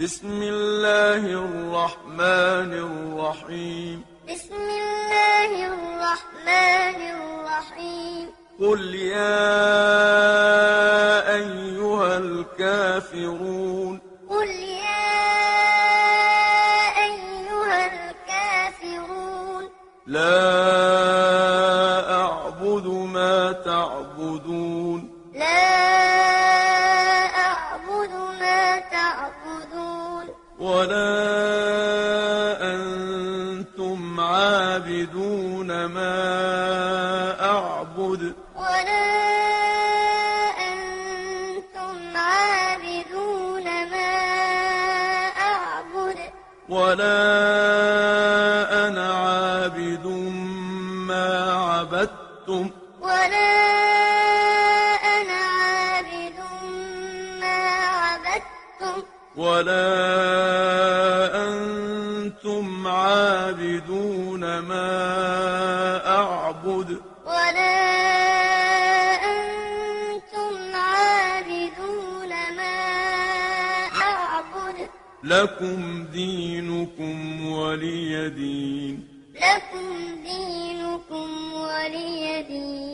بسم الله الرحمن الرحيم بسم الله الرحمن الرحيم قل يا أيها الكافرون قل يا أيها الكافرون لا أعبد ما تعبدون لا ولا أنتم عابدون ما أعبد ولا أنتم عابدون ما أعبد ولا أنا عابد ما عبدتم ولا أنا عابد ما عبدتم ولا أنتم عابدون ما أعبد ولا أنتم عابدون ما أعبد لكم دينكم ولي دين لكم دينكم ولي دين